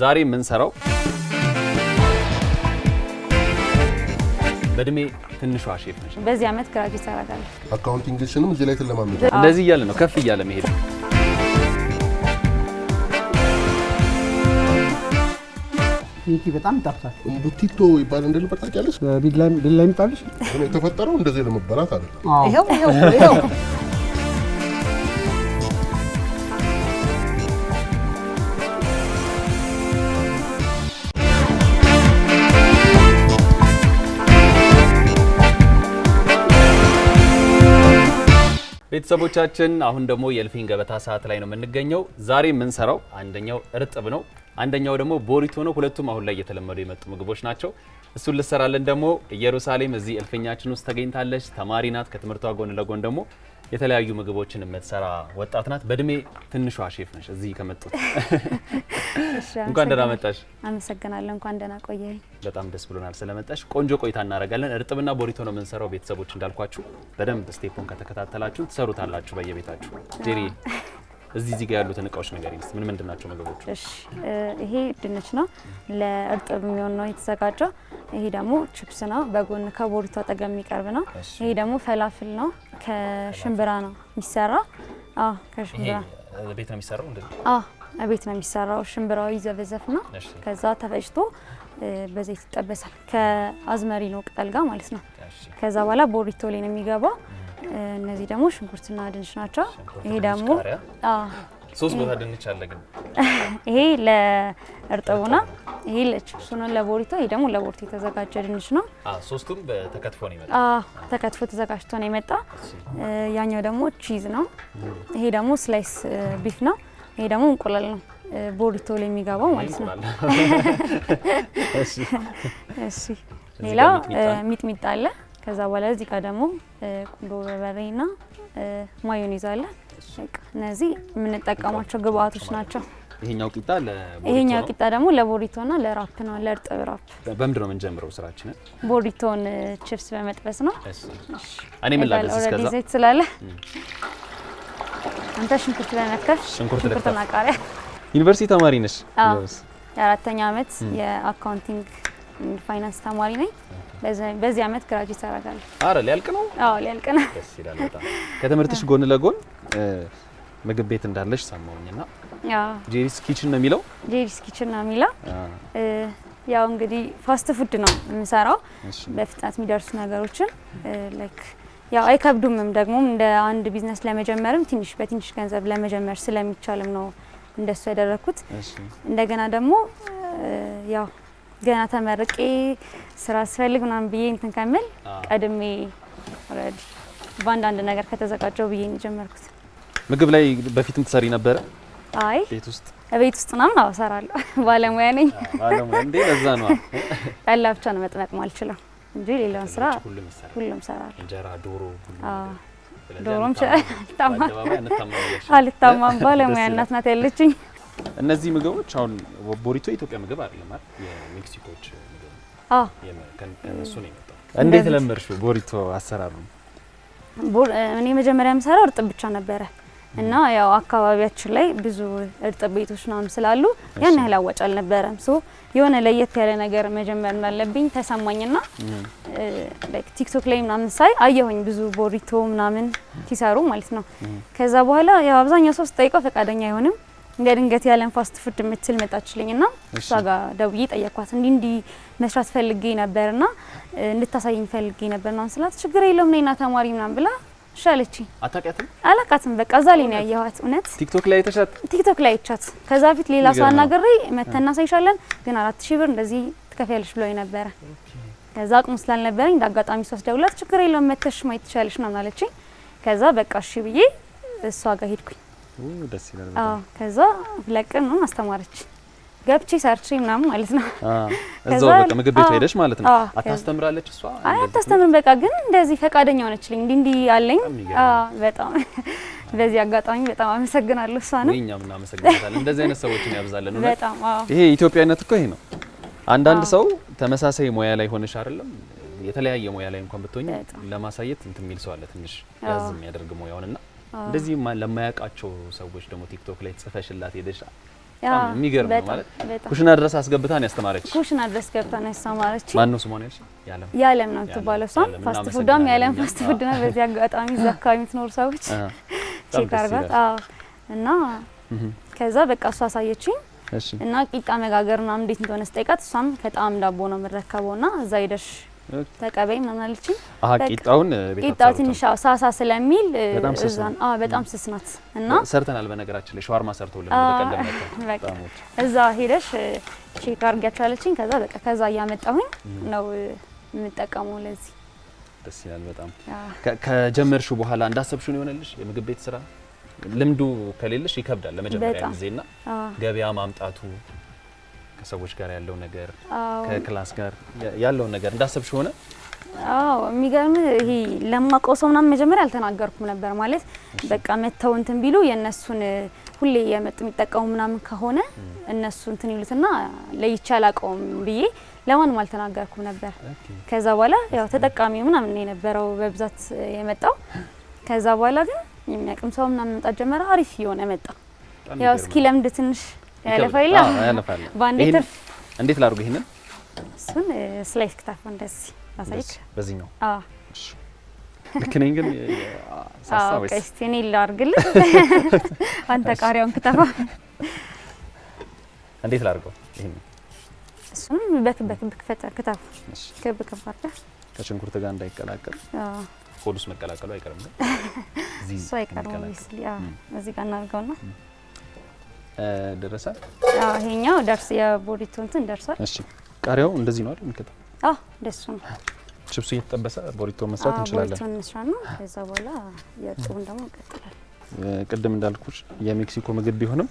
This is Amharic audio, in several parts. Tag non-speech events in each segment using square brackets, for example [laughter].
ዛሬ የምንሰራው በእድሜ ትንሿ ሼፍ ነች። በዚህ ዓመት ግራጁዌት አደርጋለሁ። አካውንቲንግሽንም እዚህ ላይ ትለማመጃ። እንደዚህ እያለ ነው ከፍ እያለ መሄድ። ቢቲ በጣም ይጣፍጣል። ቡቲቶ ይባል እንደል በጣቅ ያለች ቢላ የሚጣልሽ የተፈጠረው እንደዚህ ለመበላት አይደለም። ይኸው ይኸው ቤተሰቦቻችን አሁን ደግሞ የእልፍኝ ገበታ ሰዓት ላይ ነው የምንገኘው። ዛሬ የምንሰራው አንደኛው እርጥብ ነው፣ አንደኛው ደግሞ ቦሪቶ ነው። ሁለቱም አሁን ላይ እየተለመዱ የመጡ ምግቦች ናቸው። እሱን ልሰራለን ደግሞ ኢየሩሳሌም እዚህ እልፍኛችን ውስጥ ተገኝታለች። ተማሪ ናት። ከትምህርቷ ጎን ለጎን ደግሞ የተለያዩ ምግቦችን የምትሰራ ወጣት ናት። በእድሜ ትንሿ ሼፍ ነሽ እዚህ ከመጡት። [laughs] እንኳን ደህና መጣሽ። አመሰግናለሁ። እንኳን ደህና ቆየኝ። በጣም ደስ ብሎናል ስለመጣሽ። ቆንጆ ቆይታ እናደርጋለን። እርጥብና ቦሪቶ ነው የምንሰራው። ቤተሰቦች እንዳልኳችሁ በደንብ ስቴፑን ከተከታተላችሁ ትሰሩታላችሁ በየቤታችሁ ጄሪ እዚህ እዚህ ጋር ያሉትን እቃዎች ነገር ይስ ምን ምንድን ናቸው ምግቦቹ? እሺ ይሄ ድንች ነው ለእርጥብ የሚሆን ነው የተዘጋጀው። ይሄ ደግሞ ቺፕስ ነው፣ በጎን ከቦሪቶ አጠገብ የሚቀርብ ነው። ይሄ ደግሞ ፈላፍል ነው፣ ከሽምብራ ነው የሚሰራ። አዎ ከሽምብራ ቤት ነው የሚሰራው። አዎ ቤት ነው የሚሰራው። ሽምብራው ይዘበዘፍ ነው፣ ከዛ ተፈጭቶ በዘይት ይጠበሳል ከአዝመሪ ነው ቅጠል ጋር ማለት ነው። ከዛ በኋላ ቦሪቶ ላይ ነው የሚገባው እነዚህ ደግሞ ሽንኩርትና ድንች ናቸው። ይሄ ደግሞ ሶስት ቦታ ድንች አለ ግን [laughs] ይሄ ለእርጥቡና ይሄ ነው ለቦሪቶ። ይሄ ደግሞ ለቦሪቶ የተዘጋጀ ድንች ነው። ሶስቱም ተከትፎ ነው የመጣ ተከትፎ ተዘጋጅቶ ነው የመጣ። ያኛው ደግሞ ቺዝ ነው። ይሄ ደግሞ ስላይስ ቢፍ ነው። ይሄ ደግሞ እንቁላል ነው ቦሪቶ ላይ የሚገባው ማለት ነው። [laughs] እሺ ሌላው ሚጥሚጣ አለ። ከዛ በኋላ እዚህ ጋር ደግሞ ቁንዶ በርበሬና ማዮን አለ። እነዚህ የምንጠቀማቸው ግብአቶች ናቸው። ይሄኛው ቂጣ ይሄኛው ቂጣ ደግሞ ለቦሪቶና ለራፕ ነው፣ ለእርጥብ ራፕ። በምንድን ነው የምንጀምረው ስራችንን? ቦሪቶን ችፕስ በመጥበስ ነው። እኔ ምን ዘይት ስላለ አንተ ሽንኩርት ለነከፍ ሽንኩርት ቃሪያ። ዩኒቨርሲቲ ተማሪ ነሽ? የአራተኛ አመት የአካውንቲንግ ፋይናንስ ተማሪ ነኝ። በዚህ አመት ግራጁዌት አደርጋለሁ። አረ ሊያልቅ ነው? አዎ ሊያልቅ ነው። ደስ ይላል በጣም። ከትምህርትሽ ጎን ለጎን ምግብ ቤት እንዳለሽ ሰማሁኝና ጄሪስ ኪችን ነው የሚለው? ጄሪስ ኪችን ነው የሚለው። ያው እንግዲህ ፋስት ፉድ ነው የምሰራው፣ በፍጥነት የሚደርሱ ነገሮችን ላይክ ያው አይከብዱምም። ደግሞ እንደ አንድ ቢዝነስ ለመጀመርም ትንሽ በትንሽ ገንዘብ ለመጀመር ስለሚቻልም ነው እንደሱ ያደረኩት። እንደገና ደግሞ ያው ገና ተመርቄ ስራ አስፈልግ ምናምን ብዬ እንትን ከምል ቀድሜ ኦልሬዲ በአንዳንድ ነገር ከተዘጋጀው ብዬ ነው የጀመርኩት። ምግብ ላይ በፊትም ትሰሪ ነበረ? አይ ቤት ውስጥ ቤት ውስጥ ምናምን አዎ እሰራለሁ። [laughs] ባለሙያ ነኝ። ባለሙያ እንዴ! ለዛ ነው [laughs] ጠላ ብቻ ነው መጥመቅ ማልችለው እንጂ ሌላውን ስራ ሁሉም እሰራለሁ። እንጀራ፣ ዶሮ፣ ዶሮም አልታማም [laughs] ባለሙያ እናት ናት ያለችኝ። እነዚህ ምግቦች አሁን ቦሪቶ የኢትዮጵያ ምግብ አይደለም አይደል? የሜክሲኮች ምግብ አዎ። ከነሱ ነው የመጣው። እንዴት ለመርሹ ቦሪቶ አሰራሩ? እኔ መጀመሪያ የምሰራው እርጥብ ብቻ ነበረ እና ያው አካባቢያችን ላይ ብዙ እርጥብ ቤቶች ምናምን ስላሉ ያን ያህል አዋጭ አልነበረም። ሶ የሆነ ለየት ያለ ነገር መጀመር እንዳለብኝ ተሰማኝና ላይክ ቲክቶክ ላይ ምናምን ሳይ አየሁኝ ብዙ ቦሪቶ ምናምን ሲሰሩ ማለት ነው። ከዛ በኋላ ያው አብዛኛው ሰው ስጠይቀው ፈቃደኛ አይሆንም እንደ ድንገት ያለን ፋስት ፉድ የምትል መጣችልኝ እና እሷ ጋር ደውዬ ጠየኳት። እንዲህ እንዲህ መስራት ፈልጌ ነበር ና እንድታሳይኝ ፈልጌ ነበር ና ስላት ችግር የለውም ነይና ተማሪ ምናምን ብላ ሻለች። አታውቂያትም? አላውቃትም። በቃ እዛ ላይ ነው ያየኋት። እውነት ቲክቶክ ላይ ተሻት ቲክቶክ ላይ አይቻት። ከዛ በፊት ሌላ ሰው አናግሬ መተን እናሳይሻለን ግን አራት ሺህ ብር እንደዚህ ትከፍያለሽ ብሎኝ ነበረ። ከዛ አቅሙ ስላልነበረኝ እንደ አጋጣሚ ሶስት ደውላት ችግር የለውም መተሽ ማየት ትችያለሽ ምናምን አለችኝ። ከዛ በቃ እሺ ብዬ እሷ ጋር ሄድኩኝ። ደስ ይላል። ከዛ ነው አስተማረች ገብቼ ሰርቼ ምናምን ማለት ነው። እዛው በቃ ምግብ ቤት ሄደሽ ማለት ነው። አታስተምራለች እሷ? አይ አታስተምርም። በቃ ግን እንደዚህ ፈቃደኛ ሆነችልኝ። እንዲህ እንዲህ አለኝ። በጣም [laughs] በዚህ አጋጣሚ በጣም አመሰግናለሁ እሷንም። እኛም እናመሰግናለን። እንደዚህ አይነት ሰዎችን ያብዛለን። በጣም ይሄ ኢትዮጵያዊነት እኮ ይሄ ነው። አንዳንድ ሰው ተመሳሳይ ሙያ ላይ ሆነሽ አይደለም የተለያየ ሙያ ላይ እንኳን ብትሆኝ ለማሳየት እንትን የሚል ሰው አለ። ትንሽ ያዝ የሚያደርግ ሙያውንና እንደዚህ ለማያውቃቸው ሰዎች ደግሞ ቲክቶክ ላይ ጽፈሽላት ሄደሽ የሚገርም ነው ማለት ኩሽና ድረስ አስገብታን ያስተማረች ኩሽና ድረስ ገብታን ያስተማረች ማን ነው ስሟን ያልሽ? ያለም ያለም ነው የምትባለው። እሷም ፋስት ፉድም ያለም ፋስት ፉድ ነው። በዚህ አጋጣሚ እዛ አካባቢ የምትኖሩ ሰዎች ቼክ አርጓት። አዎ እና ከዛ በቃ እሷ አሳየችኝ እና ቂጣ መጋገር ምናምን እንዴት እንደሆነ ስጠይቃት እሷም ከጣም ዳቦ ነው የምረከበው እና እዛ ሄደሽ ተቀበይ ምናልችኝ ቂጣውን ቂጣው ትንሽ ሳሳ ስለሚል በጣም ስስ ናት እና ሰርተናል። በነገራችን ላይ ሸዋርማ ሰርተውልን እዛ ሄደሽ ቼክ አድርጊያቸው ከዛ በቃ ከዛ እያመጣሁኝ ነው የምጠቀመው ለዚህ ደስ ይላል በጣም ከጀመርሽው በኋላ እንዳሰብሽው ነው የሆነልሽ የምግብ ቤት ስራ ልምዱ ከሌለሽ ይከብዳል ለመጀመሪያ ጊዜና ገበያ ማምጣቱ ከሰዎች ጋር ያለው ነገር ከክላስ ጋር ያለውን ነገር እንዳሰብሽ ሆነ? አዎ የሚገርም ይሄ ለማውቀው ሰው ምናምን መጀመሪያ አልተናገርኩም ነበር። ማለት በቃ መተው እንትን ቢሉ የእነሱን ሁሌ የመጡ የሚጠቀሙ ምናምን ከሆነ እነሱ እንትን ይሉትና ለይቼ አላውቀውም ብዬ ለማንም አልተናገርኩም ነበር። ከዛ በኋላ ያው ተጠቃሚው ምናምን ነው የነበረው በብዛት የመጣው። ከዛ በኋላ ግን የሚያቅም ሰው ምናምን መምጣት ጀመረ። አሪፍ የሆነ መጣ። ያው እስኪ ለምድ ትንሽ እንዴት ላድርጉ? ይሄንን እሱን ስላይስ ክታፍ እንደዚህ አሳይክ በዚህኛው። አዎ ልክ ነኝ ግን ሳሳው እኔ ላድርግልህ፣ [laughs] አንተ ቃሪያውን ክተፋ። እንዴት ላድርገው? ይሄንን እሱን በክብ በክብ ክተፍ፣ ክብ ክብ አድርገህ ከሽንኩርት ጋር እንዳይቀላቀል። አዎ መቀላቀሉ አይቀርም፣ ግን [laughs] እሱ አይቀርም። እዚህ ጋር እናድርገውና ደረሰ። አዎ ይሄኛው ደርስ የቦሪቶ እንትን ደርሷል። እሺ ቃሪያው እንደዚህ ነው አይደል? እንከታ አዎ ደሱ ነው። ችብሱ እየተጠበሰ ቦሪቶ መስራት እንችላለን። ቦሪቶ እንስራ ነው። ከዛ በኋላ የጡን ደግሞ እንቀጥላለን። ቅድም እንዳልኩሽ የሜክሲኮ ምግብ ቢሆንም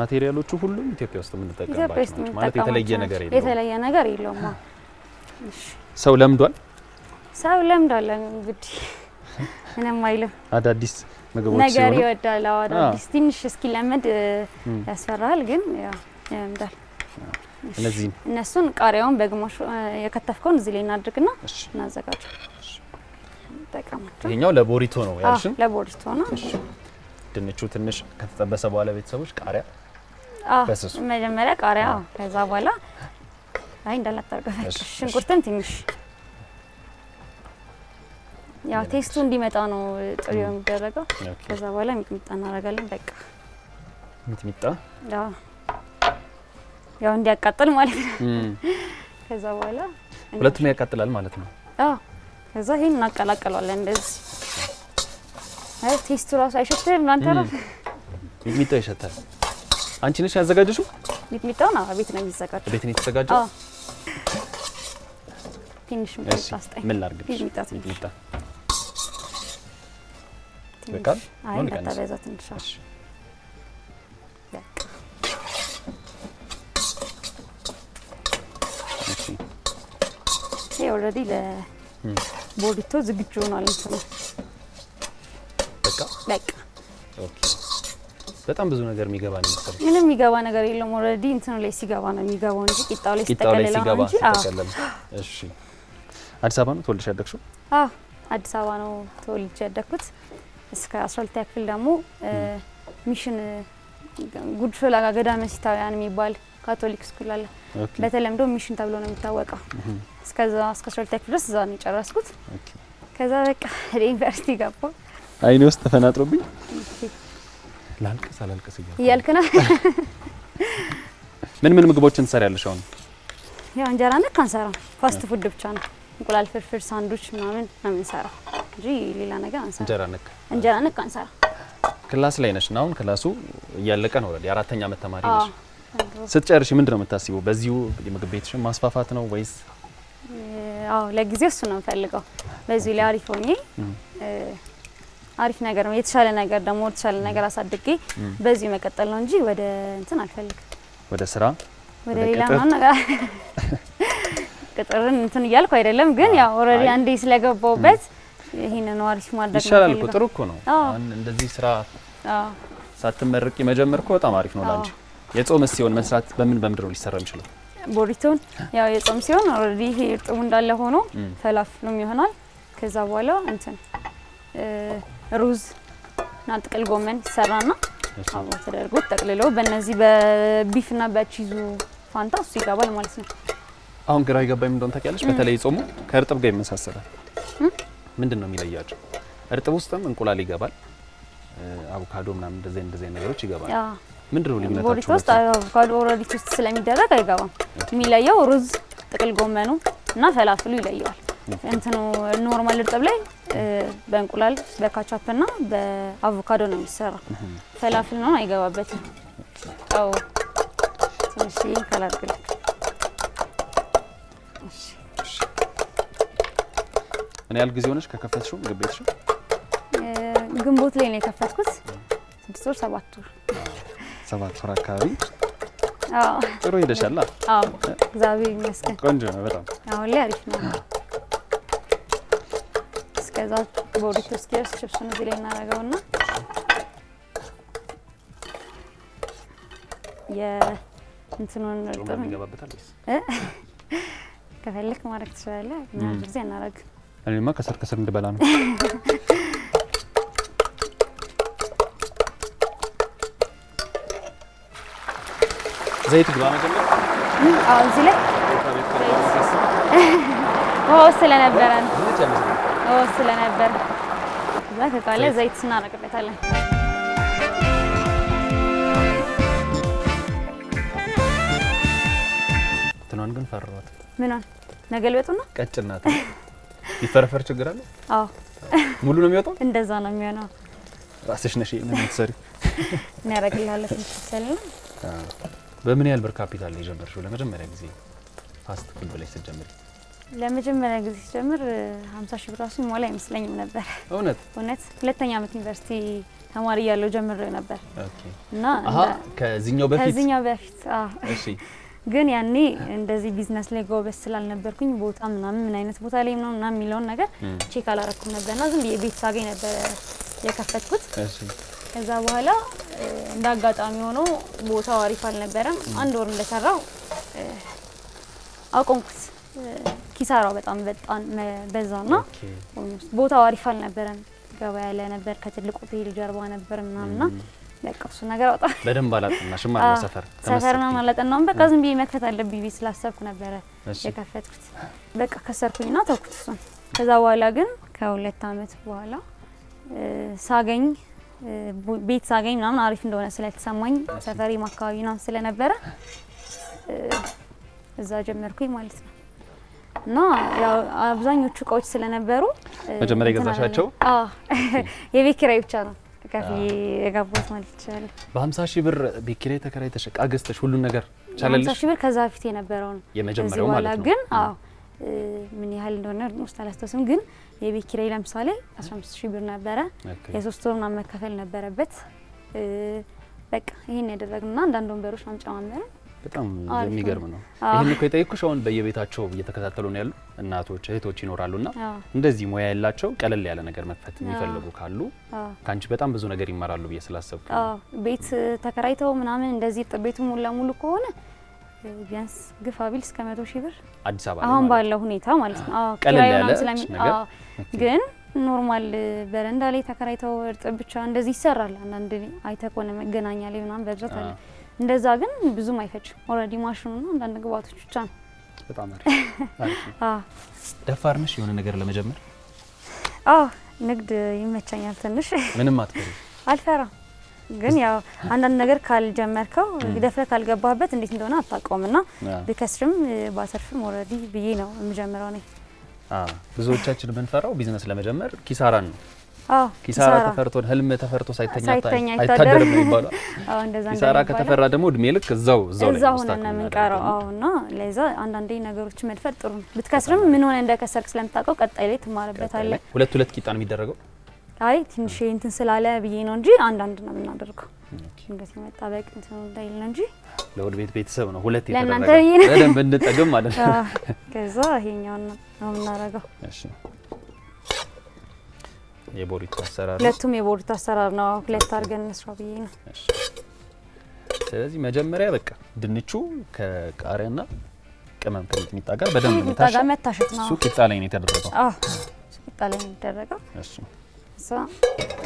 ማቴሪያሎቹ ሁሉም ኢትዮጵያ ውስጥ የምንጠቀምባቸው ማለት የተለየ ነገር የለውም። የተለየ ነገር የለውም። ሰው ለምዷል። ሰው ለምዷል። እንግዲህ [laughs] ምንም አይልም። አዳዲስ ነገር ይወዳል። አዎ አዳዲስ ትንሽ እስኪለመድ ያስፈራል፣ ግን ያው ያምዳል። እነዚህ እነሱን ቃሪያውን በግማሽ የከተፍከውን እዚህ ላይ እናድርግና እናዘጋጁ። ጠቀማቸው። ይሄኛው ለቦሪቶ ነው ያልሽን? ለቦሪቶ ነው። ድንቹ ትንሽ ከተጠበሰ በኋላ ቤተሰቦች ቃሪያ በስሱ መጀመሪያ ቃሪያ፣ ከዛ በኋላ አይ እንዳላታርገፈ ሽንኩርትም ትንሽ ያው ቴስቱ እንዲመጣ ነው ጥሬው የሚደረገው። ከዛ በኋላ ሚጥሚጣ እናደርጋለን። በቃ ሚጥሚጣ ያው እንዲያቃጥል ማለት ነው። [laughs] ከዛ በኋላ ሁለቱም ያቃጥላል ማለት ነው። አዎ። ከዛ ይሄን እናቀላቀለዋለን እንደዚህ። አይ ቴስቱ ራሱ አይሸትም እናንተ ነው ሚጥሚጣው ይሸታል። አንቺ ነሽ ያዘጋጀሽው? ሚጥሚጣው ነው ቤት ነው የሚዘጋጀው። ቤት ነው የተዘጋጀው። አዎ። ትንሽ ምን ላድርግልሽ? ሚጥሚጣ ይበቃል። ይሄ ኦልሬዲ ዝግጁ ሆኗል። እንትኑ በቃ በቃ በጣም ብዙ ነገር የሚገባ ነው መሰለኝ። ምንም የሚገባ ነገር የለም። ኦልሬዲ እንትኑ ላይ ሲገባ ነው የሚገባው እንጂ ቂጣው ላይ ሲጠቀለለ እንጂ። እሺ፣ አዲስ አበባ ነው ተወልደሽ ያደግሽው? አዎ፣ አዲስ አበባ ነው ተወልጄ ያደግኩት። እስከ 12 ያክል ደግሞ ሚሽን ጉድሾላ የሚባል ካቶሊክ ስኩል አለ። በተለምዶ ሚሽን ተብሎ ነው የሚታወቀው። እስከዛ እስከ 12 ያክል ድረስ እዛ ነው የጨረስኩት። ከዛ በቃ ዩኒቨርሲቲ አይኔ ውስጥ ተፈናጥሮብኝ ላልቅስ አላልቅስ እያልክ ነው። ምን ምን ምግቦችን ትሰሪያለሽ አሁን? ያው እንጀራ ነክ አንሰራም፣ ፋስት ፉድ ብቻ ነው እንቁላል ፍርፍር፣ ሳንዱች ምናምን ነው የምንሰራው እንጂ ሌላ ነገር አንሰራ። እንጀራ ነክ እንጀራ ነክ አንሰራ። ክላስ ላይ ነሽ እና አሁን ክላሱ እያለቀ ነው። ወደ አራተኛ ዓመት ተማሪ ነሽ። ስትጨርሽ ምንድን ነው የምታስበው? በዚሁ የምግብ ቤትሽን ማስፋፋት ነው ወይስ? አዎ ለጊዜው እሱ ነው የምፈልገው። በዚሁ ላይ አሪፍ ሆኜ አሪፍ ነገር ነው የተሻለ ነገር ደግሞ የተሻለ ነገር አሳድጌ በዚሁ መቀጠል ነው እንጂ ወደ እንትን አልፈልግም። ወደ ስራ ወደ ሌላ ምናምን ነገር [laughs] ቅጥርን እንትን እያልኩ አይደለም፣ ግን ያው ኦልሬዲ አንዴ ስለገባውበት ይሄንን አሪፍ ማድረግ ይሻላል እኮ ጥሩ እኮ ነው። እንደዚህ ስራ ሳትመረቂ መጀመር እኮ በጣም አሪፍ ነው ላንቺ። የጾምስ ሲሆን መስራት በምን በምንድን ነው ሊሰራ የሚችለው? ቦሪቶን ያው የጾም ሲሆን ኦልሬዲ ይሄ እርጥቡ እንዳለ ሆኖ ፈላፍሉም ይሆናል። ከዛ በኋላ እንትን ሩዝ እና ጥቅል ጎመን ይሰራና አብሮ ተደርጎ ጠቅልለው በእነዚህ በቢፍና በቺዙ ፋንታ እሱ ይገባል ማለት ነው። አሁን ግራ ይገባ እንደሆነ ታውቂያለሽ፣ በተለይ ጾሙ ከእርጥብ ጋር ይመሳሰላል። ምንድን ነው የሚለያቸው? እርጥብ ውስጥም እንቁላል ይገባል፣ አቮካዶ ምናምን እንደዚህ እንደዚህ ነገሮች ይገባል። ምንድን ነው ልዩነታቸው? ቦሊት ውስጥ አቮካዶ ኦረዲት ውስጥ ስለሚደረግ አይገባም። የሚለየው ሩዝ፣ ጥቅል ጎመኑ እና ፈላፍሉ ይለየዋል። እንትኑ ኖርማል እርጥብ ላይ በእንቁላል በካቻፕ እና በአቮካዶ ነው የሚሰራ። ፈላፍል ነው አይገባበትም። አዎ ትንሽ ምን ያህል ጊዜ ሆነች ከከፈትሽው ምግብ ቤትሽን? ግንቦት ላይ ነው የከፈትኩት። ስድስት ወር ሰባት ወር ሰባት ወር አካባቢ ጥሩ ሄደሻል። እግዚአብሔር ይመስገን። ቆንጆ ነው በጣም አሁን ላይ አሪፍ ነው። እስከዛ ቦሪቶ እስኪደርስ ችብሱን እዚህ ላይ እናደርገውና የእንትኑን እርጥብ ከፈልክ ማድረግ ትችላለህ። ጊዜ አናደርግም። እኔማ ከስር ከስር እንድበላ ነው። ዘይት ግባ መጀመር አሁን እዚህ ላይ ውሃው ስለነበረ ነው። ውሃው ስለነበረ እዛ ከቃለ ዘይት ስናረቅበታለን ትናን ግን ፈራት ምናን መገልበጡ ነው ቀጭናት ይፈረፈር ችግር አለ? አዎ ሙሉ ነው የሚወጣው። እንደዛ ነው የሚሆነው። ራስሽ ነሽ ይሄን የምትሰሪው? እናደርግልሃለሁ ትሰልና። በምን ያህል ብር ካፒታል ላይ ጀመርሽው? ለመጀመሪያ ጊዜ ፋስት ፉድ ብለሽ ስትጀምሪ? ለመጀመሪያ ጊዜ ሲጀምር 50 ሺህ ብር ራሱ ሞላ አይመስለኝም ነበር። እውነት እውነት። ሁለተኛ አመት ዩኒቨርሲቲ ተማሪ እያለሁ ጀምሬው ነበር። ኦኬ። እና አሃ ከዚህኛው በፊት ከዚህኛው በፊት አዎ። እሺ ግን ያኔ እንደዚህ ቢዝነስ ላይ ጎበስ ስላልነበርኩኝ ቦታ ምናምን ምን አይነት ቦታ ላይ ነው ምናምን የሚለውን ነገር ቼክ አላረኩም ነበርና ዝም ብዬ ቤት ሳገኝ ነበር የከፈትኩት። ከዛ በኋላ እንደ አጋጣሚ ሆኖ ቦታው አሪፍ አልነበረም። አንድ ወር እንደሰራው አቆምኩት። ኪሳራው በጣም በጣም ና ቦታው አሪፍ አልነበረም። ገበያ ላይ ነበር፣ ከትልቁ ሆቴል ጀርባ ነበር ምናምንና በቃ እሱ ነገር አውጣ በደንብ አላጠናሽም ማለት ሰፈር ሰፈር ነው ማለት በቃ ዝም ብዬ መክፈት አለብኝ ብዬ ስላሰብኩ ነበረ የከፈትኩት። በቃ ከሰርኩኝና ተውኩት እሱን። ከዛ በኋላ ግን ከሁለት አመት በኋላ ሳገኝ ቤት ሳገኝ ምናምን አሪፍ እንደሆነ ስለተሰማኝ ሰፈሬም አካባቢ ምናምን ስለነበረ እዛ ጀመርኩኝ ማለት ነው። እና ያው አብዛኞቹ እቃዎች ስለነበሩ መጀመሪያ የገዛሻቸው [laughs] የቤት ኪራይ ብቻ ነው ከፍዬ የገባሁት ማለት በሀምሳ ሺህ ብር ቤት ኪራይ ተከራይተሽ ገዝተሽ ሁሉን ነገር ቻለልሽ? ሺህ ብር ከዛ በፊት የነበረው ነው የመጀመሪያው ማለት ነው። ግን አዎ ምን ያህል እንደሆነ ውስጥ አላስታውስም፣ ግን የቤት ኪራይ ለምሳሌ 15 ሺህ ብር ነበረ። የሶስት ወር ምናምን መከፈል ነበረበት። በቃ ይሄን ያደረግና አንዳንድ ወንበሮች ማምጫ በጣም የሚገርም ነው። ይህን እኮ የጠየኩሽ አሁን በየቤታቸው እየተከታተሉ ነው ያሉ እናቶች እህቶች ይኖራሉ ና እንደዚህ ሙያ ያላቸው ቀለል ያለ ነገር መክፈት የሚፈልጉ ካሉ ከአንቺ በጣም ብዙ ነገር ይማራሉ ብዬ ስላሰብኩ ቤት ተከራይተው ምናምን እንደዚህ ቤቱ ሙሉ ለሙሉ ከሆነ ቢያንስ ግፋ ቢል እስከ መቶ ሺህ ብር አዲስ አበባ አሁን ባለው ሁኔታ ማለት ነው። ቀለል ያለ ግን ኖርማል በረንዳ ላይ ተከራይተው እርጥብ ብቻ እንደዚህ ይሰራል። አንዳንድ አይተህ መገናኛ ላይ ምናምን በብዛት አለ። እንደዛ ግን ብዙም አይፈጭም። ኦልሬዲ ማሽኑ ነው አንዳንድ ግብአቶች ብቻ ነው። በጣም አሪፍ [laughs] ነው። ደፋር ነሽ የሆነ ነገር ለመጀመር? አዎ ንግድ ይመቸኛል ትንሽ። ምንም አትፈሪ? [laughs] አልፈራም፣ ግን ያው አንዳንድ ነገር ካልጀመርከው ደፍረ ካልገባህበት እንዴት እንደሆነ አታውቀውም እና ብከስርም ባተርፍም ኦልሬዲ ብዬ ነው የምጀምረው እኔ። ብዙዎቻችን የምንፈራው ቢዝነስ ለመጀመር ኪሳራን ነው ኪሳራ ተፈርቶን ህልም ተፈርቶ ሳይተኛ አይታደርም ነው የሚባለው። [laughs] ኪሳራ ከተፈራ ደግሞ እድሜ ልክ እዛው እዛው ላይ ሆነ ነው የምንቀረው። እና ለዛ አንዳንዴ ነገሮች መድፈር ጥሩ ነው። ብትከስርም ምን ሆነ እንደከሰርክ ስለምታውቀው ቀጣይ ላይ ትማርበታለህ። ሁለት ሁለት ቂጣ ነው የሚደረገው። አይ ትንሽ እንትን ስላለ ብዬ ነው እንጂ አንዳንድ ነው የምናደርገው። እንዴት መጣበቅ እንትን እንዳይል ነው እንጂ ለውድ ቤት ቤተሰብ ነው ሁለት የተደረገ ለእናንተ ብዬ ነው በደንብ እንጠግም ማለት ነው። ከዛ ይሄኛውን ነው የምናደርገው። እሺ የቦሪቱ አሰራር ሁለቱም የቦሪቱ አሰራር ነው። ሁለት አድርገን እንስራው ብዬ ነው። ስለዚህ መጀመሪያ በቃ ድንቹ ከቃሪያና ቅመም ከሚጥሚጣ ጋር በደንብ መታሸት ነው። እሱ ቂጣ ላይ ነው የተደረገው። አዎ እሱ ቂጣ ላይ ነው የተደረገው። እሱ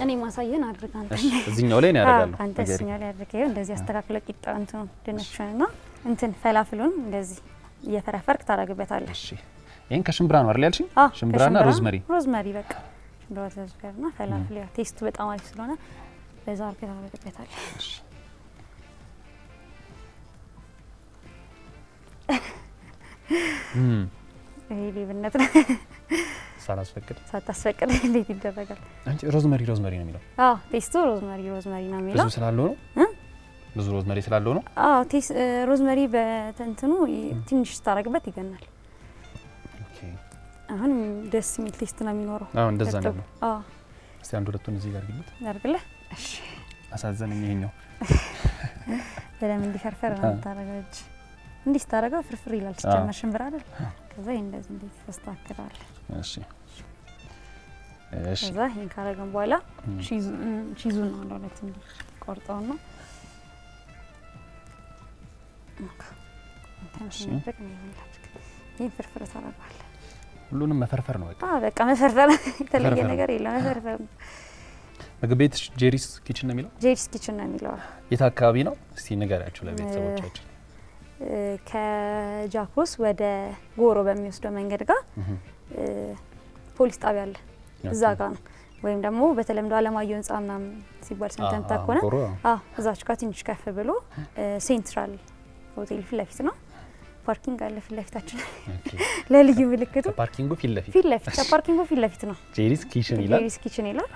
እኔ ማሳየን አድርጋ አንተ እዚህኛው ላይ ነው ያደርጋለሁ። አንተ እዚህኛው ላይ አድርገህ እንደዚህ አስተካክለ ቂጣ እንትኑ ድንቹንና እንትን ፈላፍሉን እንደዚህ እየፈረፈርክ ታደርግበታለህ። እሺ ይሄን ከሽምብራ ነው አይደል ያልሽኝ? ሽምብራና ሮዝመሪ ሮዝመሪ በቃ በወተት ጋር እና ፈላፍል ያው ቴስቱ በጣም አሪፍ ስለሆነ በዛ አርገት አረግበታል። ይሄ ሌብነት ነው። ሳላስፈቅድ ሳታስፈቅድ እንዴት ይደረጋል? አንቺ ሮዝመሪ ሮዝመሪ ነው የሚለው። አዎ ቴስቱ ሮዝመሪ ሮዝመሪ ነው የሚለው ብዙ ስላለው ነው ብዙ ሮዝመሪ ስላለው ነው። አዎ ቴስት ሮዝመሪ በተንትኑ ትንሽ ስታረግበት ይገናል። ኦኬ አሁን ደስ የሚል ቴስት ነው የሚኖረው። አዎ እንደዛ ነው። አዎ እስቲ አንድ ሁለቱን እዚህ ጋር ግኝት ያርግልህ። እሺ አሳዘነኝ ነው [laughs] በደንብ እንዲፈርፈር ነው የምታደርገው እጅ እንዲህ ስታደርገው ፍርፍር ይላል። ሲጀመር ሽምብራ አይደል? ከዛ ይሄ እንደዚህ እንዴት ተስተካክላል። እሺ እሺ። ከዛ ይሄን ካረገን በኋላ ቺዙ ቺዙ ነው ለሁለት እንዲ ቆርጠው ነው ይህን ፍርፍር ታደርጋለህ ሁሉንም መፈርፈር ነው። በቃ በቃ መፈርፈር፣ [laughs] የተለየ ነገር የለም። መፈርፈር ነው። ምግብ ቤት ጄሪስ ኪችን ነው የሚለው። ጄሪስ ኪችን ነው የሚለው። የት አካባቢ ነው? እስቲ ንገሪያቸው ለቤተሰቦቻችን። ከጃክሮስ ወደ ጎሮ በሚወስደው መንገድ ጋር ፖሊስ ጣቢያ አለ፣ እዛ ጋር ነው። ወይም ደግሞ በተለምዶ አለማየሁ ህንጻ ምናምን ሲባል ሰምተን ታኮነ እዛች ጋር ትንሽ ከፍ ብሎ ሴንትራል ሆቴል ፊት ለፊት ነው። ፓርኪንግ አለ ፊት ለፊታችን። ለልዩ ምልክቱ ፓርኪንጉ ፊት ለፊት ፊት ለፊት ከፓርኪንጉ ፊት ለፊት ነው። ጄሪስ ኪችን ይላል። ጄሪስ ኪችን ይላል።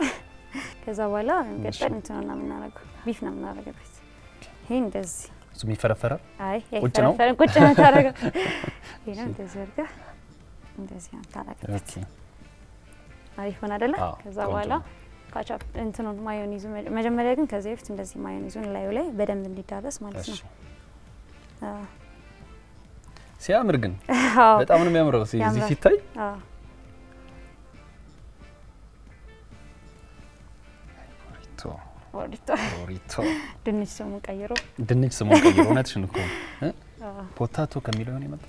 ከዛ በኋላ እንቀጠል እንትን ነው የምናደርገው፣ ቢፍ ነው የምናደርግበት። ይሄ እንደዚህ እሱም ይፈረፈራል። አይ ቁጭ ነው ቁጭ ነው ታደርገው። [laughs] ይሄ ነው እንደዚህ አድርገህ እንደዚህ ነው ታደርገበት። አሪፍ ሆነ አይደለ? ከዛ በኋላ ካቻፕ እንትኑን ማዮኒዙ መጀመሪያ ግን ከዚህ በፊት እንደዚህ ማዮኒዙን ላዩ ላይ በደንብ እንዲዳረስ ማለት ነው። ሲያምር ግን በጣም ነው የሚያምረው እዚህ ሲታይ ድንች ስሙን ቀይሮ ድንች ቀይሮ እውነትሽን እኮ ፖታቶ ከሚለው ነው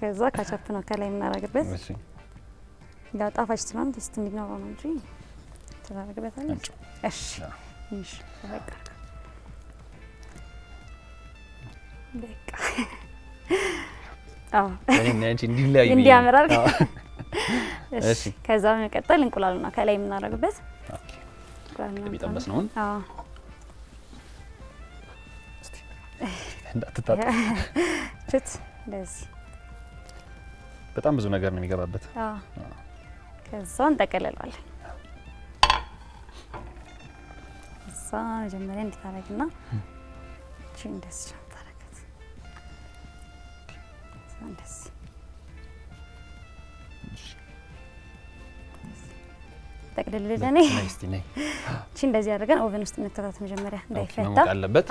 ከዛ ካቻፕ ነው ከላይ የምናረግበት ያው ጣፋጭ ስለሆነ ቴስት እንዲኖረው ነው እንጂ ትናደርግበታለች። እሺ እሺ በቃ በቃ አዎ እንዲያምራል። ከዛ በመቀጠል እንቁላሉ ነው ከላይ የምናደርግበት ነውን? [laughs] በጣም ብዙ ነገር ነው የሚገባበት። ከዛ እንጠቀልለዋለን። እዛ መጀመሪያ እንዲታረግና እንደዚህ እንደዚህ እቺ እንደዚህ አድርገን ኦቨን ውስጥ እንከታት። መጀመሪያ እንዳይፈታ አለበት።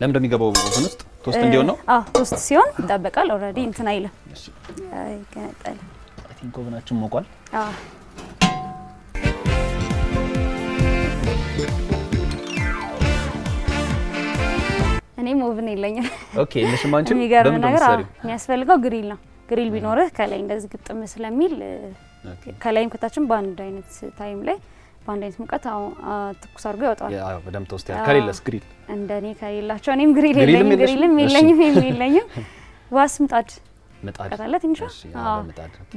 ለምን እንደሚገባው ኦቨን ውስጥ ቶስት እንዲሆን ነው። ቶስት ሲሆን ይጣበቃል። ኦልሬዲ እንትን አይልም፣ አይ ቲንክ ኦቨናችን ሞቋል። አዎ እኔም ኦቭን የለኝም። ኦኬ እነሽም አንቺ [laughs] የሚገርም ነገር የሚያስፈልገው ግሪል ነው። ግሪል ቢኖርህ ከላይ እንደዚህ ግጥም ስለሚል ከላይም ከታችም በአንድ አይነት ታይም ላይ በአንድ አይነት ሙቀት ትኩስ አድርጎ ያወጣል። በደምብ ተወስድ ያል ከሌለስ ግሪል እንደ እኔ ከሌላቸው እኔም ግሪል የለኝም፣ ግሪልም የለኝም፣ [laughs] የለኝም። ዋስ ምጣድ ቀጣለ ትንሿ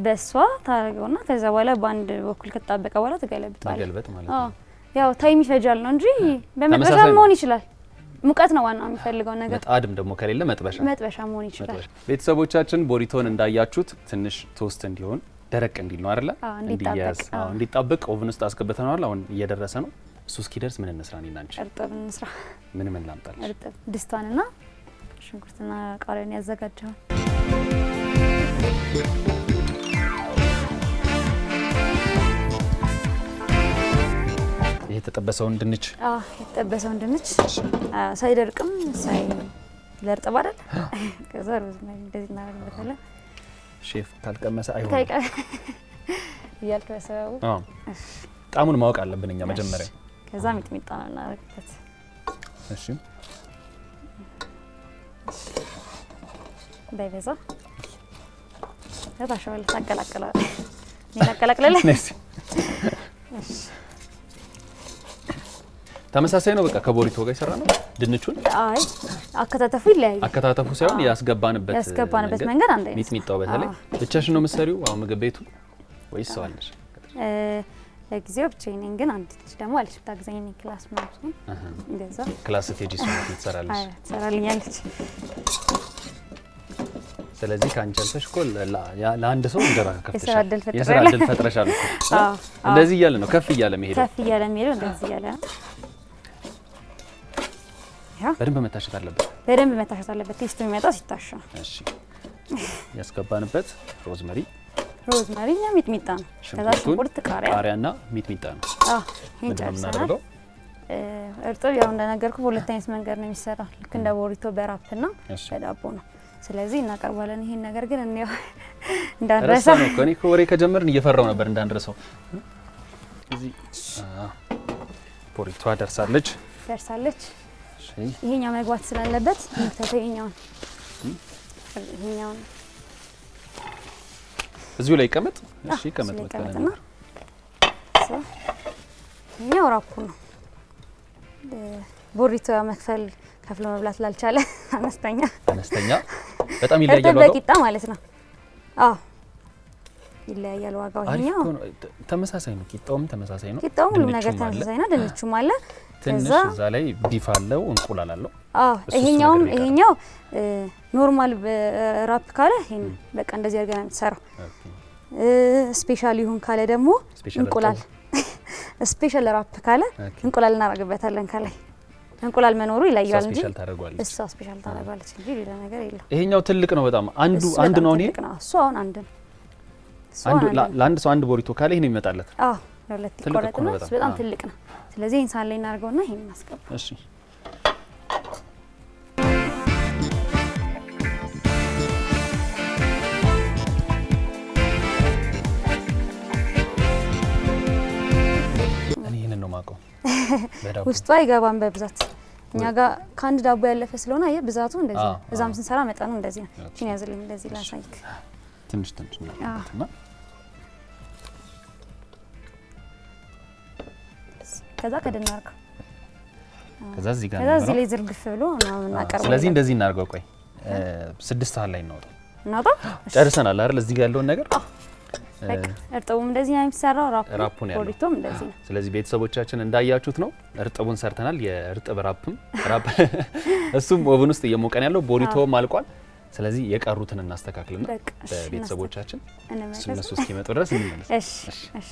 በእሷ ታደርገውና ከዛ በኋላ በአንድ በኩል ከተጣበቀ በኋላ ትገለብጣል። ያው ታይም ይፈጃል ነው እንጂ በመጥበሻ መሆን ይችላል ሙቀት ነው ዋናው የሚፈልገው ነገር። ምጣድም ደግሞ ከሌለ መጥበሻ መጥበሻ መሆን ይችላል። ቤተሰቦቻችን ቦሪቶን እንዳያችሁት ትንሽ ቶስት እንዲሆን ደረቅ እንዲል ነው አይደለ? እንዲያዝ እንዲጣበቅ ኦቭን ውስጥ አስገብተነዋል። አሁን እየደረሰ ነው። እሱ እስኪደርስ ምን እንስራ? እኔና አንቺ እርጥብ እንስራ። ምን ምን ላምጣል? እርጥብ ድስቷንና ሽንኩርትና ቃሪያን ያዘጋጀዋል ይሄ የተጠበሰውን ድንች የተጠበሰውን ድንች ሳይደርቅም ሳይ ለርጥብ አይደል? ከዛ ሩዝ እንደዚህ እናደርግበታለን። ሼፍ ካልቀመሰ አይሆንም እያልክ በሰበቡ ጣሙን ማወቅ አለብን እኛ መጀመሪያ። ከዛ ሚጥሚጣ ነው እናደርግበት። እሺ እንዳይበዛ ታሸበለ ታቀላቅለዋል። እኔ እሺ ተመሳሳይ ነው። በቃ ከቦሪቶ ጋር የሰራ ነው። ድንቹን አይ አከታተፉ ይለያል። አከታተፉ ሳይሆን ያስገባንበት ያስገባንበት መንገድ አንድ አይነት። ሚጥሚጣው በተለይ ብቻሽ ነው የምትሰሪው አሁን ምግብ ቤቱ ወይስ ሰው አለሽ? ለጊዜው ብቻዬን ነኝ፣ ግን አንድ ልጅ ደግሞ አለች ብታግዘኝ እኔ ክላስ ምናምን እንደዛ ክላስ ስትሄጂ እሷ ትሰራለች ትሰራልኛለች። ስለዚህ ከአንቺ አልፈሽ እኮ ለአንድ ሰው እንጀራ ከፍተሻል፣ የስራ እድል ፈጥረሻል። እንደዚህ እያለ ነው ከፍ እያለ መሄድ ከፍ እያለ መሄድ እንደዚህ እያለ ነው በደንብ መታሸት አለበት። በደንብ መታሸት አለበት። ቴስቱ የሚመጣው ሲታሻ። እሺ፣ ያስገባንበት ሮዝመሪ ሮዝመሪ እና ሚጥሚጣ ነው። ከዛ ሽንኩርት፣ ቃሪያ ቃሪያና ሚጥሚጣ ነው። አዎ፣ ይሄን ጨርሰናል። እርጥብ ያው እንደነገርኩ በሁለት አይነት መንገድ ነው የሚሰራ ልክ እንደ ቦሪቶ በራፕ እና በዳቦ ነው። ስለዚህ እናቀርባለን። ይሄን ነገር ግን እንየው [laughs] እንዳንረሳ ነው እኮ እኔ ከጀመርን እየፈራው ነበር እንዳንረሳው። እዚህ ቦሪቷ ደርሳለች ደርሳለች። ይሄኛው መግባት ስላለበት መክተተው ይሄኛውን ይሄኛውን እዚሁ ላይ ይቀመጥ። እሺ ይቀመጥ ይሄኛው ራኩ ነው። ቦሪቶ መክፈል ከፍሎ መብላት ላልቻለ [laughs] አነስተኛ አነስተኛ [laughs] በጣም ይለያያል ዋጋው ቂጣ ማለት ነው። አዎ ይለያያል ዋጋው። ይሄኛው ተመሳሳይ ነው። ቂጣውም ተመሳሳይ ነው። ቂጣውም ሁሉም ነገር ተመሳሳይ ነው። ድንቹም አለ ትንሽ እዛ ላይ ቢፍ አለው እንቁላል አለው። ይሄኛውም ይሄኛው ኖርማል ራፕ ካለ ይሄን በቃ እንደዚህ አድርገን የምትሰራው። ስፔሻል ይሁን ካለ ደግሞ እንቁላል [laughs] ስፔሻል ራፕ ካለ እንቁላል እናደርግበታለን ከላይ እንቁላል መኖሩ ይለያል እንጂ እሷ ስፔሻል ታደርጓለች እንጂ ሌላ ነገር የለም። ይሄኛው ትልቅ ነው በጣም አንዱ አንድ ነው። እኔ እሱ አሁን አንድ ነው። ለአንድ ሰው አንድ ቦሪቶ ካለ ይሄን ይመጣለት። አዎ ለሁለት ይቆረጥና በጣም ትልቅ ነው። ስለዚህ ይህን ሳህን ላይ እናድርገውና ይሄን እናስገባ። እሺ ውስጡ አይገባም በብዛት እኛ ጋር ከአንድ ዳቦ ያለፈ ስለሆነ አየህ፣ ብዛቱ እንደዚህ እዛም ስንሰራ መጠኑ እንደዚህ ነው። ቺን ያዝልኝ እንደዚህ ላሳይክ ትንሽ ትንሽ ነው ከዛ ከደን አርጋ ከዛ እዚህ ጋር ከዛ እዚህ ላይ ዝርግፍ ብሎ ምናምን ስለዚህ እንደዚህ ቆይ ስድስት ሰዓት ላይ [gasps] ጨርሰናል አይደል? እዚህ ጋር ያለውን ነገር እርጥቡም እንደዚህ ነው የሚሰራው። ፖሊቶም እንደዚህ ነው። ስለዚህ ቤተሰቦቻችን እንዳያችሁት ነው እርጥቡን ሰርተናል። የእርጥብ ራፕም [laughs] ራፕ [laughs] እሱም ውስጥ እየሞቀን ያለው ቦሪቶም አልቋል። ስለዚህ የቀሩትን እናስተካክልና በቤተሰቦቻችን እነሱ እስኪመጡ ድረስ እንመለስ። እሺ እሺ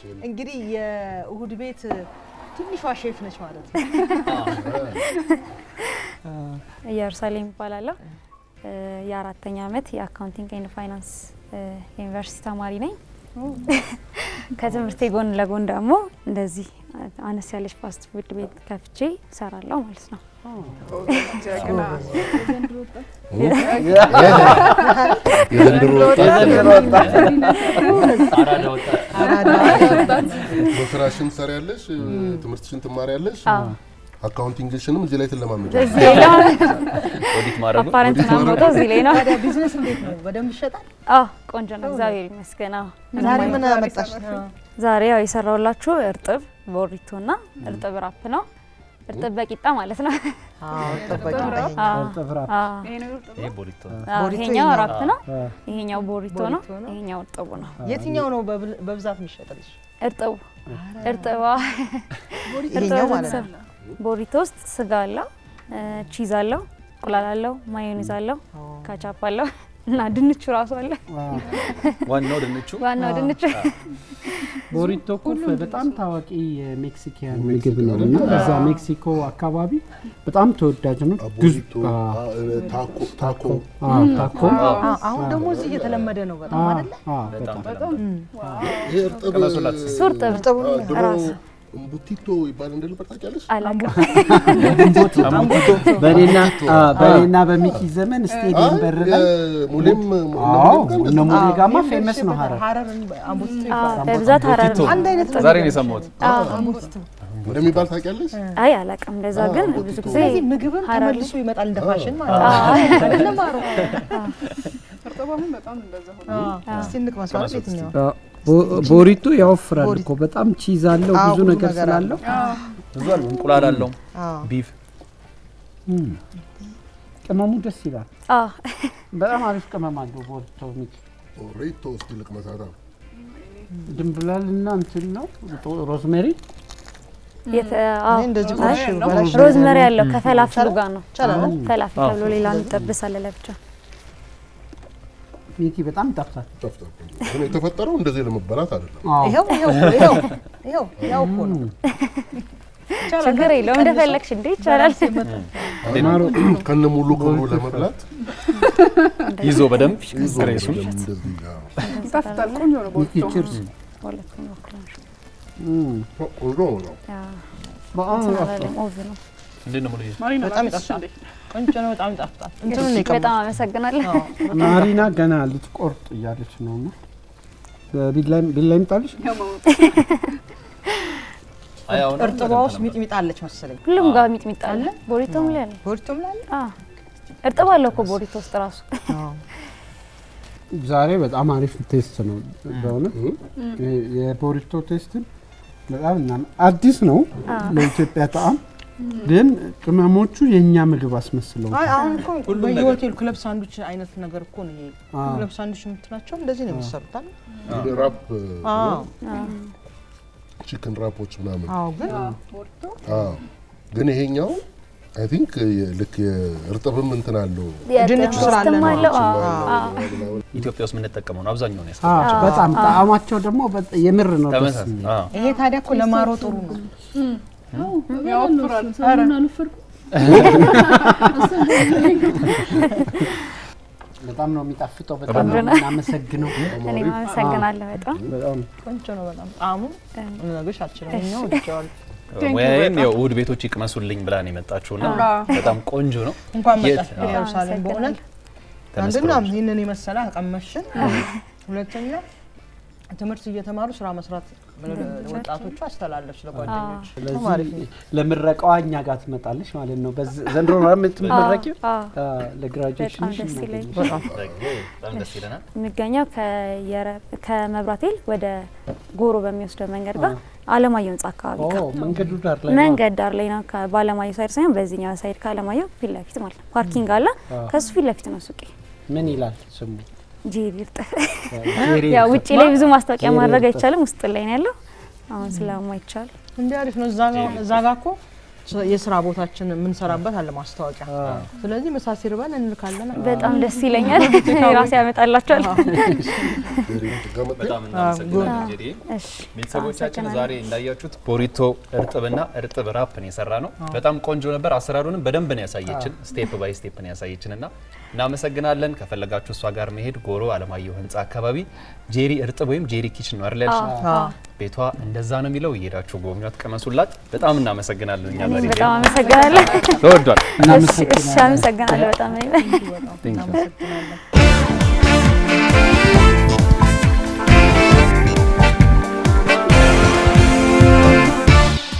አልችል። እንግዲህ የእሁድ ቤት ትንሿ ሼፍ ነች ማለት ነው። ኢየሩሳሌም እባላለሁ። የአራተኛ ዓመት የአካውንቲንግ ኤንድ ፋይናንስ ዩኒቨርሲቲ ተማሪ ነኝ። ከትምህርቴ ጎን ለጎን ደግሞ እንደዚህ አነስ ያለች ፋስት ፉድ ቤት ከፍቼ እሰራለሁ ማለት ነው። ስራሽን ትሰሪያለሽ፣ ትምህርትሽን ትማሪያለሽ። አካውንቲንግ አካውንቲንግሽንም እዚህ ላይ ትለማመጃለሽ። ኦዲት ማድረግ እዚህ ላይ ነው። ቢዝነስ እንዴት ነው? በደንብ ይሸጣል? አዎ ቆንጆ ነው፣ እግዚአብሔር ይመስገን። ዛሬ ምን አመጣሽ? ዛሬ ያው የሰራሁላችሁ እርጥብ ቦሪቶና እርጥብ ራፕ ነው። እርጥብ በቂጣ ማለት ነው። ይሄኛው ራፕ ነው፣ ይሄኛው ቦሪቶ ነው፣ ይሄኛው እርጥቡ ነው። የትኛው ነው በብዛት የሚሸጥልሽ? እርጥቡ እርጥቧ ቦሪቶ ውስጥ ስጋ አለው፣ ቺዝ አለው፣ እንቁላል አለው፣ ማዮኔዝ አለው፣ ካቻፕ አለው እና ድንቹ ራሱ አለ። ዋናው ድንቹ ዋናው ድንቹ ቦሪቶ ኩፍ በጣም ታዋቂ የሜክሲካን ምግብ ነው እና እዛ ሜክሲኮ አካባቢ በጣም ተወዳጅ ነው። ታኮ ታኮ አሁን ደግሞ እዚህ እየተለመደ ነው በጣም አይደለ? በጣም እርጥብ እርጥብ እምቡቲቶ ይባል እንደ ልበር ታውቂያለሽ? በእኔና በሚኪ ዘመን ስቴዲየም በር ላይ ሙሌ ጋማ ፌመስ ነው። ሀረር በብዛት ሀረር ዛሬ ነው የሰማሁት እንደሚባል ታውቂያለሽ? አይ አላውቅም። እንደዛ ግን ብዙ ጊዜ ምግብን ተመልሶ ይመጣል እንደ ፋሽን ማለት ነው። እርጥቡን በጣም እንደዛ ሆነ። እስኪ እንቅመስ ማለት የትኛው ቦሪቱ ያው ፍራል እኮ በጣም ቺዝ አለው፣ ብዙ ነገር ስላለው ብዙ አለው። እንቁላል አለው፣ ቢፍ ቅመሙ ደስ ይላል። በጣም አሪፍ ቅመም አለው ቦሪቶ። ቦሪቶ ውስጥ ይልቅ መሳታ ድንብላልና እንትን ነው ሮዝሜሪ ሮዝመሪ ያለው ከፈላፍሉ ጋር ነው። ፈላፍል ተብሎ ሌላ የሚጠብስ ለብቻ ሚኪ በጣም ይጠፍታል። የተፈጠረው እንደዚህ ለመበላት አይደለም። ይኸው ያው [clears throat] ከነ ሙሉ ክብሩ ለመብላት ይዞ በደንብ ነው። ነው። እንዴት ነው ሙሉዬ? በጣም ይጣፍጣል። ቆንጆ ነው። በጣም ይጣፍጣል። በጣም አመሰግናለሁ። ማሪና ገና ልትቆርጥ እያለች ነው እና ቢላ ይምጣልሽ። እርጥቧ ሚጥሚጣ አለች መሰለኝ። ሁሉም ጋር ሚጥሚጣ አለ። ቦሪቶም ላይ አለ። ቦሪቶም ላይ አለ። እርጥብ አለ እኮ ቦሪቶ ውስጥ ራሱ። ዛሬ በጣም አሪፍ ቴስት ነው በእውነት የቦሪቶ ቴስትን በጣም አዲስ ነው ለኢትዮጵያ ጣዕም ግን ቅመሞቹ የእኛ ምግብ አስመስለው አሁን እኮ በየሆቴሉ ክለብ ሳንዱች አይነት ነገር እኮ ነው። ክለብ ሳንዱች የምትላቸው እንደዚህ ነው የሚሰሩታል። ራፕ ቺክን ራፖች ምናምን ግን ይሄኛው አይ ቲንክ ልክ እርጥብም እንትን አለው ድንች ስላለነው ኢትዮጵያ ውስጥ የምንጠቀመው ነው። አብዛኛው ነው ያስቀመጠው። በጣም ጣዕማቸው ደግሞ የምር ነው። ይሄ ታዲያ እኮ ለማሮ ጥሩ ነው። በጣም ነው የሚጣፍጠው። በጣም ነው የምናመሰግነው። እኔ አመሰግናለሁ። በጣም ቆንጆ ነው። በጣም ጣሙ ነገሽ አልችልም። እኛው ወይም ያው ቤቶች ይቅመሱልኝ ብላ ነው የመጣችሁና በጣም ቆንጆ ነው። እንኳን መጣችሁ ኢየሩሳሌም። በእውነት አንደኛ ይህንን የመሰለ አቀመሽን፣ ሁለተኛ ትምህርት እየተማሩ ስራ መስራት ወጣቶቹ አስተላለፍ ስለጓደኞች ለምረቃዋ እኛ ጋር ትመጣለች ማለት ነው። ዘንድሮ የምትመረቂው ለግራጁዌሽን የሚገኘው ከመብራቴል ወደ ጎሮ በሚወስደው መንገድ ጋር አለማየሁ ህንጻ አካባቢ መንገድ ዳር ላይ ነው። በአለማየሁ ሳይድ ሳይሆን በዚህኛው ሳይድ ከአለማየሁ ፊት ለፊት ማለት ነው። ፓርኪንግ አለ። ከሱ ፊት ለፊት ነው ሱቄ። ምን ይላል ስሙ? ጄሪ እርጥፍ። ያው ውጭ ላይ ብዙ ማስታወቂያ ማድረግ አይቻልም፣ ውስጥ ላይ ነው ያለው። አሁን ስለማይቻል እንዲህ አሪፍ ነው። እዛ ጋ እኮ የስራ ቦታችን የምንሰራበት አለ ማስታወቂያ። ስለዚህ ምሳ ሲርበን እንልካለን። በጣም ደስ ይለኛል። ራሴ ያመጣላቸዋል። በጣም ቤተሰቦቻችን ዛሬ እንዳያችሁት ቦሪቶ እርጥብና እርጥብ ራፕን የሰራ ነው። በጣም ቆንጆ ነበር። አሰራሩንም በደንብ ነው ያሳየችን፣ ስቴፕ ባይ ስቴፕ ነው ያሳየችን እና እናመሰግናለን። ከፈለጋችሁ እሷ ጋር መሄድ ጎሮ አለማየሁ ህንፃ አካባቢ ጄሪ እርጥብ ወይም ጄሪ ኪችን ነው አይደል? ቤቷ እንደዛ ነው የሚለው። እየሄዳችሁ ጎብኟት፣ ቀመሱላት በጣም እናመሰግናለን እኛ በጣም አመሰግናለሁ። ተወዷል። አመሰግናለሁ በጣም